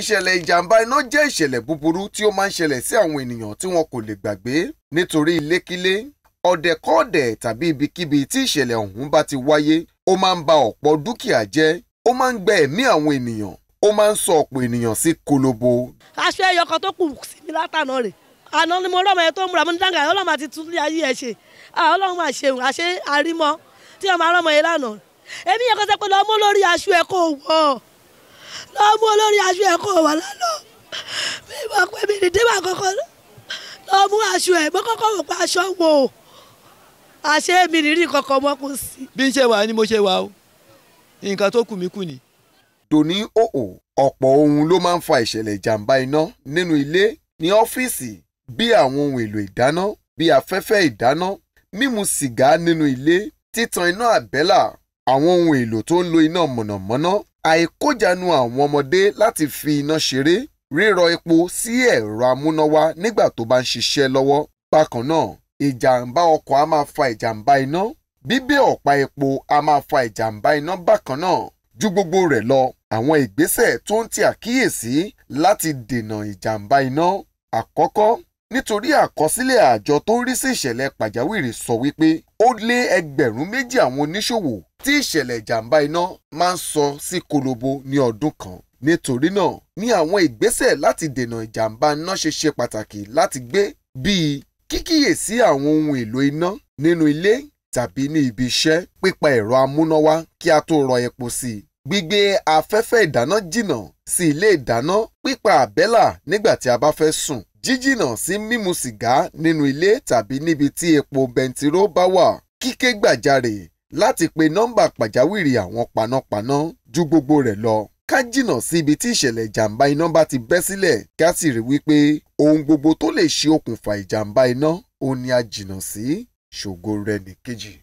ìṣẹ̀lẹ̀ ìjàmbá iná jẹ́ ìṣẹ̀lẹ̀ búburú tí ó máa ń ṣẹlẹ̀ sí àwọn ènìyàn tí wọn kò lè gbàgbé nítorí ilékílé ọ̀dẹ̀kọ́ọ̀dẹ̀ tàbí ibikíbi tí ìṣẹ̀lẹ̀ ọ̀hún bá ti wáyé ó máa ń ba ọ̀pọ̀ dúkìá jẹ́ ó máa ń gba ẹ̀mí àwọn ènìyàn ó máa ń sọ ọ̀pọ̀ ènìyàn sí kolobo. aṣọ ẹyọ kan tó kù sí mi látànà rẹ̀ àná ni mo rọmọ ẹ tó ń múra mo ní dáńgà ọlọ́run àti tún ayé ẹ ṣe ah, ọlọ́run máa ṣeun àṣẹ àrímọ tí ọmọ arọmọ yẹn lánàá èmi yẹn kọ́ sẹ́pẹ́ lọ́mọ lórí aṣọ ẹ kó wọ̀ ọ́ lọ́ọ́ mú olórí aṣọ ẹ̀kọ́ wà lánàá mi mọ̀ pé mi nìdí mà kọ́kọ́ lọ́ọ́ mú aṣọ ẹ̀ mọ́ kọ́kọ́ wò pé aṣọ wò ó àṣẹ mi nìrí kankan mọ́ kò sí. bí n ṣe wà ni mo ṣe wà o nǹkan tó kù mí kù ni. tòní òò ọ̀pọ̀ ohun ló máa ń fa ìṣẹ̀lẹ̀ ìjàmbá iná nínú ilé ní ọ́fíìsì bí àwọn ohun èlò ìdáná bí afẹ́fẹ́ ìdáná mímu sìgá nínú ilé títan iná àbẹ́là àwọn ohun èlò tó ń lo iná mọ̀nàmọ́ná àìkójànú àwọn ọmọdé láti fi iná ṣeré rírọ epo sí ẹ̀rọ amúnáwá nígbà tó bá ń ṣiṣẹ́ lọ́wọ́ bákan náà ìjàmbá ọkọ̀ a máa fa ìjàmbá iná bíbé ọ̀pá epo a máa fa ìjàmbá iná bákan náà ju gbogbo rẹ̀ lọ àwọn ìgbésẹ̀ tó ń ti àkíyèsí láti dènà ìjàmbá iná àkọ́kọ́ nítorí àkọsílẹ̀ àjọ tó ń rí sí ìṣẹ̀lẹ̀ pàjáwìrì sọ wípé ó lé ẹgbẹ̀rún méjì àwọn oníṣòwò tí ìṣẹ̀lẹ̀ ìjàmbá iná máa ń sọ sí kolobo ní ọdún kan. nítorí náà ní àwọn ìgbésẹ̀ láti dènà ìjàmbá iná ṣe ṣe pàtàkì láti gbé bíi kíkíyèsí àwọn ohun èlò iná nínú ilé tàbí ní ibi iṣẹ́ pípa ẹ̀rọ amúnáwá kí a tó rọ epo sí i gbígbé afẹ́fẹ́ ìdáná jìnnà sí ilé ìdáná pípa àbẹ́là nígbà tí a bá fẹ́ sùn jíjìnnà sí mímu sìgá nínú ilé tàbí níbi tí epo bẹntiró bá wà kíké gbàjarè láti pe nọ́mbà pàjáwìrì àwọn panápaná ju gbogbo rẹ̀ lọ ká jìnnà sí ibi tí ìṣẹ̀lẹ̀ ìjàmbá iná bá ti bẹ́ sílẹ̀ ká sì rí wípé ohun gbogbo tó lè ṣe okùnfà ìjàmbá iná òun ni a jìnnà sí ṣògo rẹ̀ nìkejì.